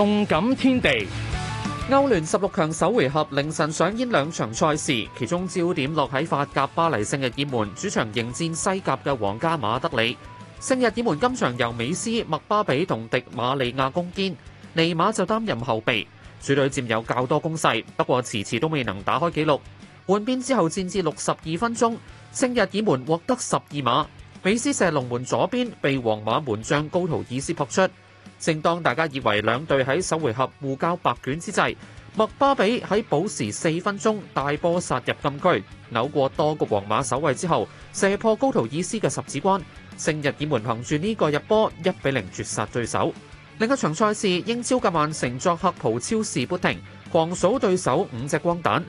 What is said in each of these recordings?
動感天地，歐聯十六強首回合凌晨上演兩場賽事，其中焦點落喺法甲巴黎聖日耳門主場迎戰西甲嘅皇家馬德里。聖日耳門今場由美斯、麥巴比同迪馬利亞攻堅，尼馬就擔任後備，主隊佔有較多攻勢，不過遲遲都未能打開紀錄。換邊之後戰至六十二分鐘，聖日耳門獲得十二碼，美斯射龍門左邊，被皇馬門將高圖爾斯撲出。正當大家以為兩隊喺首回合互交白卷之際，麥巴比喺補時四分鐘大波殺入禁區，扭過多個皇馬守衞之後，射破高圖爾斯嘅十指關，聖日耳門憑住呢個入波一比零絕殺對手。另一場賽事，英超嘅曼城作客葡超士砵亭，狂掃對手五隻光蛋。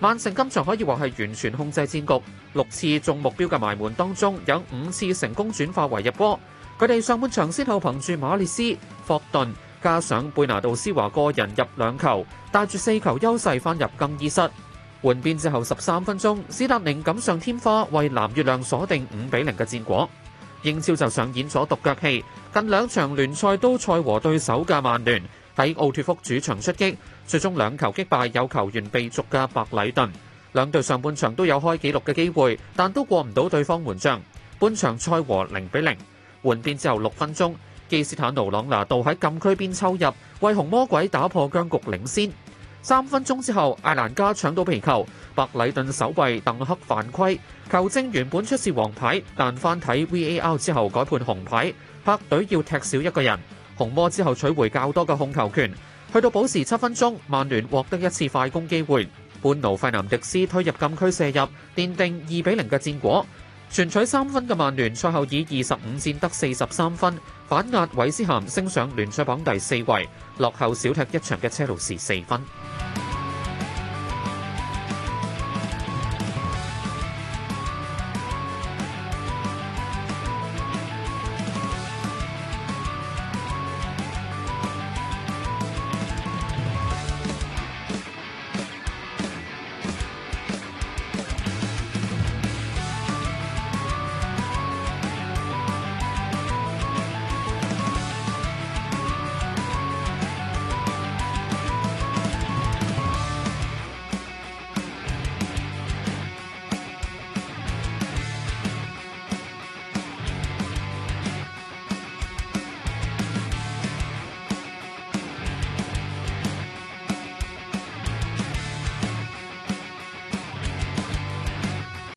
曼城今場可以話係完全控制戰局，六次中目標嘅埋門當中有五次成功轉化為入波。佢哋上半場先後憑住馬列斯、霍頓，加上貝拿度斯華個人入兩球，帶住四球優勢翻入更衣室換邊之後，十三分鐘，史達寧錦上添花，為藍月亮鎖定五比零嘅戰果。英超就上演咗獨腳戲，近兩場聯賽都賽和對手嘅曼聯喺奧脱福主場出擊，最終兩球擊敗有球員被逐嘅白禮頓。兩隊上半場都有開紀錄嘅機會，但都過唔到對方門將。半場賽和零比零。換邊之後六分鐘，基斯坦奴朗拿度喺禁區邊抽入，為紅魔鬼打破僵局領先。三分鐘之後，艾蘭加搶到皮球，白禮頓守衛鄧克犯規，球證原本出示黃牌，但翻睇 VAR 之後改判紅牌，客隊要踢少一個人。紅魔之後取回較多嘅控球權，去到補時七分鐘，曼聯獲得一次快攻機會，般奴費南迪斯推入禁區射入，奠定二比零嘅戰果。全取三分嘅曼聯賽後以二十五戰得四十三分，反壓韋斯咸升上聯賽榜第四位，落後小踢一場嘅車路士四分。